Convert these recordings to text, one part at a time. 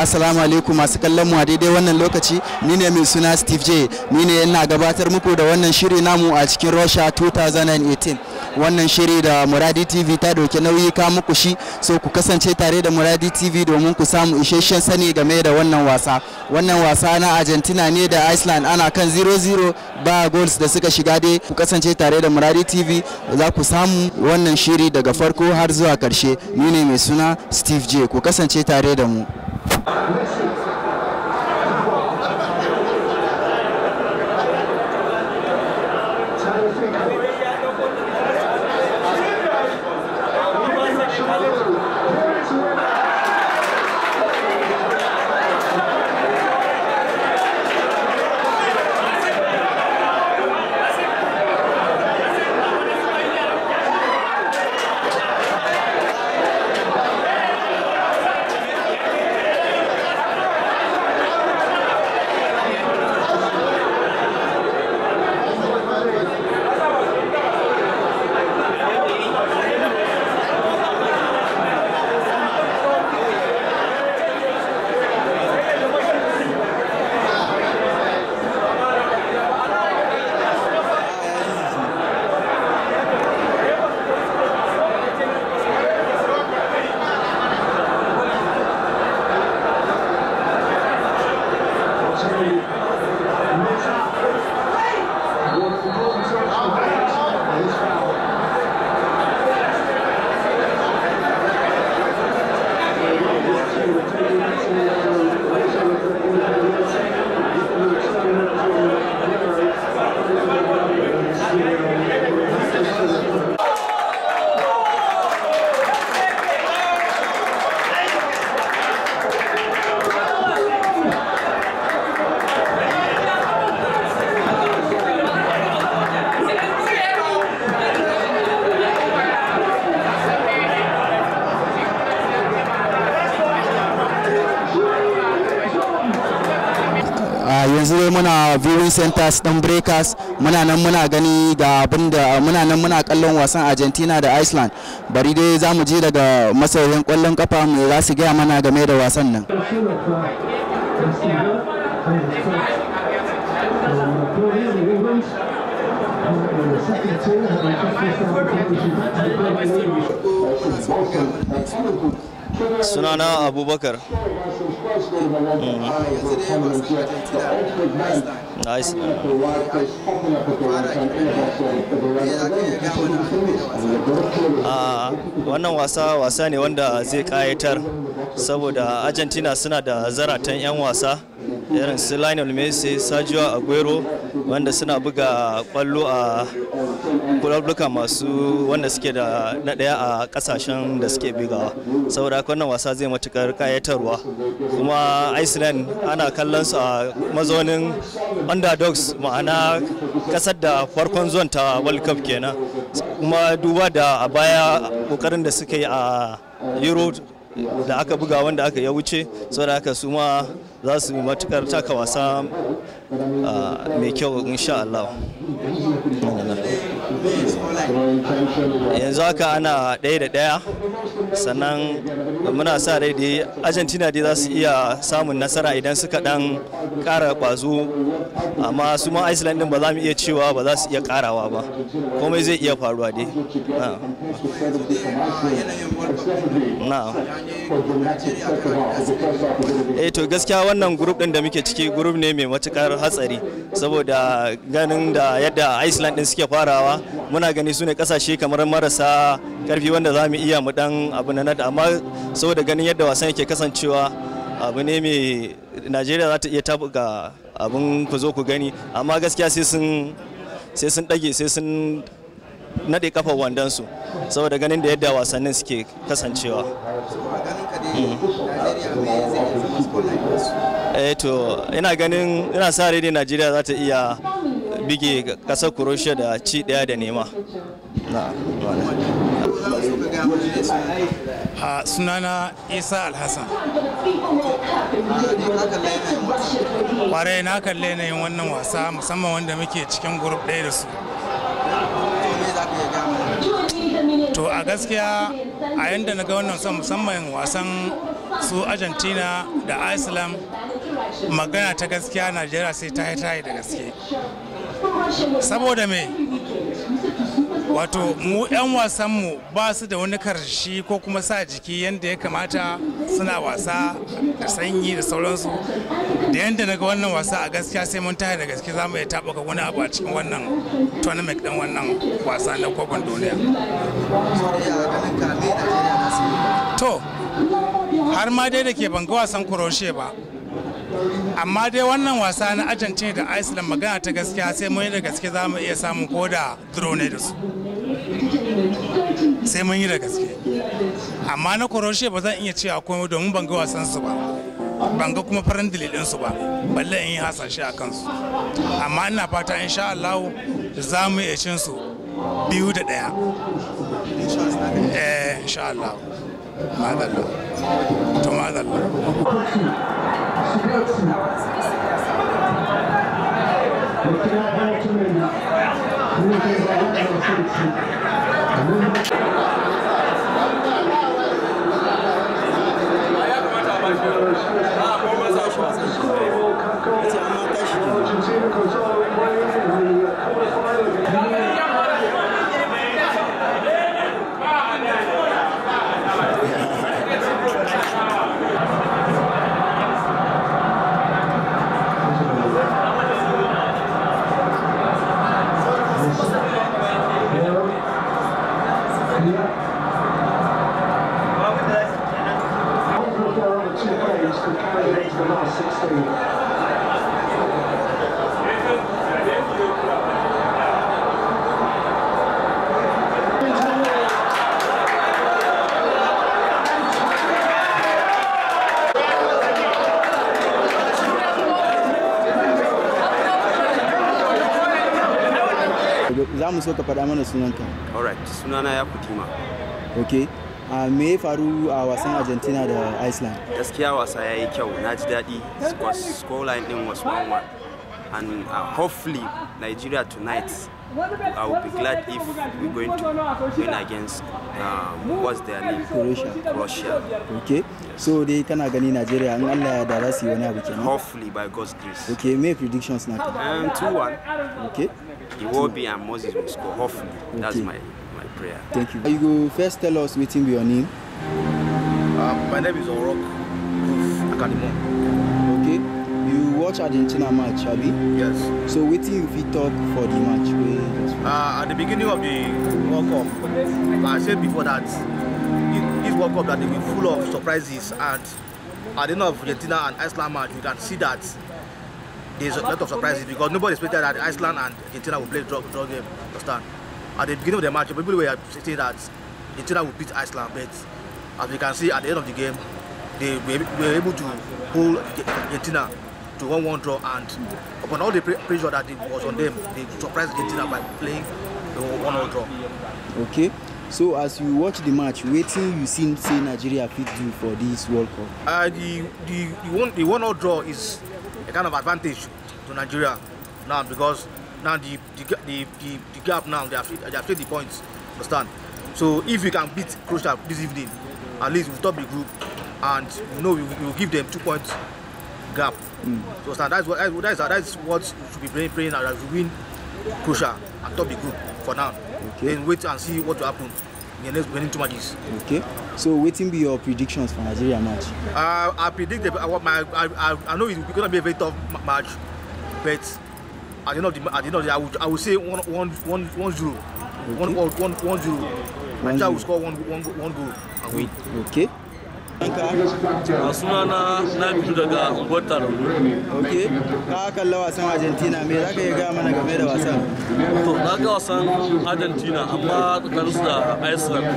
asalamualikum assalamu alaikum masu kallon mu a daidai wannan lokaci ni ne mai suna Steve J ni ne ina gabatar muku da wannan shiri namu a cikin Russia 2018 wannan shiri da Muradi TV ta dauke nauyi ka muku shi so ku kasance tare da Muradi TV domin ku samu isasshen sani game da wannan wasa wannan wasa na Argentina ne da Iceland ana kan 0-0 ba goals da suka shiga dai ku kasance tare da Muradi TV za ku samu wannan shiri daga farko har zuwa karshe ni ne mai suna Steve J ku kasance tare da mu Ah, yanzu dai muna viewing centers dan breakers muna nan muna gani da abin da muna nan muna kallon wasan argentina da iceland bari dai za mu je daga masauyin kwallon kafa mu za su gaya mana game da wasan nan sunana abubakar Nice. Ah, wannan wasa wasa ne wanda zai kayatar saboda argentina suna da zaratan 'yan wasa irin su lionel messi sergio aguero wanda suna buga kwallo a kulabluka masu wanda suke da na daya a kasashen da suke bugawa saboda wannan wasa zai matukar kayatarwa kuma iceland ana kallon su a mazaunin underdogs ma'ana kasar da farkon zuwan ta world cup kenan kuma duba da a baya kokarin da suka yi a euro da aka buga wanda aka ya wuce saboda haka su ma za su yi matukar taka wasa ah, mai kyau insha Allah. yanzu haka ana ɗaya da ɗaya sannan muna sa rai da argentina dai za su iya samun nasara idan suka ɗan ƙara ƙwazo amma su ma iceland ɗin ba za mu iya cewa ba za su iya ƙarawa ba komai zai iya faruwa dai na eh to gaskiya wannan grup ɗin da muke ciki grup ne mai matukar hatsari saboda ganin da yadda iceland ɗin suke farawa muna gani su ne kasashe kamar marasa karfi wanda za mu iya mu dan abu na nada amma saboda ganin yadda wasan yake kasancewa abu ne mai najeriya za ta iya ga abin ku zo ku gani amma gaskiya sai sun sai sun dage sai sun nade kafa wandon su saboda ganin da yadda wasannin suke kasancewa mm. eh to ina ganin ina sa rede najeriya za ta iya bige kasar croatia da ci daya da nema ha sunana isa alhassan kwarai na kalle na yin wannan wasa musamman wanda muke cikin grup ɗaya da su to a gaskiya a yadda na ga wannan son musamman wasan su argentina da islam magana ta gaskiya najeriya sai ta yi da gaske saboda me wato mu 'yan wasanmu ba su da wani karshe ko kuma sa jiki yadda ya kamata suna wasa da sanyi da sauransu da yadda daga wannan wasa a gaskiya sai mun tare da gaske za mu iya taɓuka wani abu a cikin wannan tournament ɗin wannan wasa na kofin duniya to har ma dai da ke ban ga wasan kuroshe ba amma dai wannan wasa na ajance da iceland magana ta gaskiya sai mun yi da gaske za mu iya samun koda drone da su sai mun yi da gaske amma na koroshe ba zan iya cewa komai domin ban ga wasan su ba ban ga kuma farin dalilin su ba balle in yi hasashe a kansu amma ina fata insha Allah za mu iya cin su biyu da ɗaya eh insha Allah madalla to madalla Thank you. mu so ka faɗa mana sunanka alright sunana ya kutima ok Uh, me ya faru a wasan argentina da iceland gaskiya wasa ya yi kyau na ji daɗi scoreline ɗin was 1-1 and uh, hopefully Nigeria tonight. I would be glad if we're going to win against um, what's their name? Croatia. Russia. Okay. So they kana gani Nigeria in Allah ya dara su wani Hopefully by God's grace. Okay, Make predictions now. Um, two one. Okay. Iwobi and Moses will score. Hopefully. Okay. That's my my prayer. Thank you. You go first tell us waiting your name. Um, my name is Orok Akadimo. watch Argentina match, Abi? Yes. So what do you talk for the match? Uh, at the beginning of the World Cup, I said before that this World Cup that will be full of surprises and at the end of Argentina and Iceland match, you can see that there's a lot of surprises because nobody expected that Iceland and Argentina would play draw, draw game. Understand? At the beginning of the match, people were saying that Argentina would beat Iceland, but as you can see at the end of the game, they were, were able to pull Argentina to one-one draw. And upon all the pressure that it was on them, they surprised Argentina by playing the 1 0 draw. Okay. So as you watch the match, waiting, you seen see Nigeria fit do for this World Cup? Uh, the the the one the one out draw is a kind of advantage to Nigeria now because now the the the, the, the gap now they have they have played the points understand so if we can beat Croatia this evening at least we we'll top the group and you know we will give them two points gap Mm. So that's what that's, that's, that's what should be playing playing as win crucial and top the group for now. Okay. Then wait and see what will happen in the next winning two matches. Okay. So waiting be your predictions for Nigeria match. Uh, I predict the, uh, my I, I, I know it's gonna be a very tough match, but at the end of the at the end of the I would I would say one one one one zero. Okay. One, one, one, one zero. Nigeria will score one, one, one goal and win. Okay. a na na fito daga unguwar taronu ok ka kalla wasan argentina me za ka yi gaya mana game da wasan to na ga wasan argentina amma su da iceland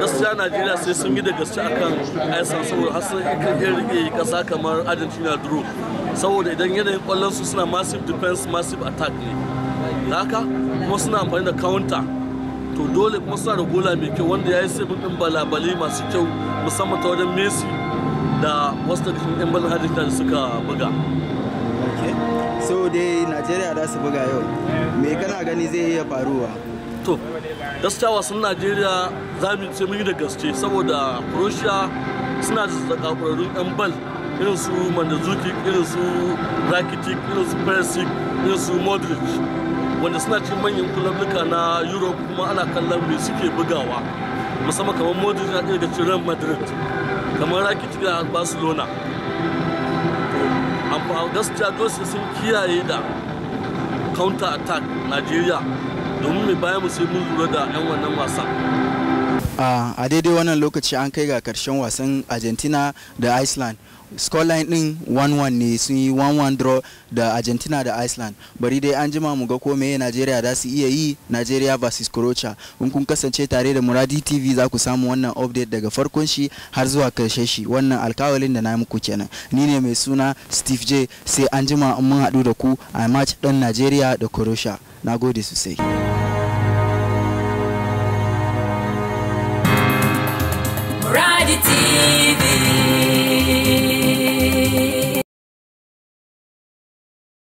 gaskiya najeriya sai sun yi da gaske akan Iceland saboda har sun kan iya rike kasa kamar argentina duro saboda idan yanayin kwallon su suna massive defense massive attack ne haka kuma suna amfani da counter to dole kuma suna da gola mai kyau wanda ya yi sabon ɗin balabalai masu kyau musamman ta wajen messi da wasu daga cikin 'yan balin hajjita da suka buga so dai najeriya za su buga yau me kana gani zai iya faruwa to gaskiya wasan najeriya za mu ce mun yi da gaske saboda croatia suna da kakwararrun 'yan bal irin su mandazuki irin su rakitic irin su persic irin su modric wanda suna cikin manyan kulabluka na europe kuma ana kallon me suke bugawa musamman kamar modric na ɗaya da cikin real madrid kamar rakitic da barcelona amma gaskiya dosi sun kiyaye da counter attack nigeria domin mai bayan mu sai mun lura da 'yan wannan wasan. a daidai wannan lokaci an kai ga karshen wasan argentina da iceland scoreline din 1-1 ne sun yi 1-1 draw da argentina da iceland bari dai an jima mu ga ko meye nigeria za su iya yi nigeria vs croatia in kun kasance tare da muradi tv za ku samu wannan update daga farkon shi har zuwa karshe shi wannan alkawalin da na yi muku kenan ni ne mai suna steve j sai an jima mun haɗu da ku a match ɗan nigeria da croatia na gode sosai eternity.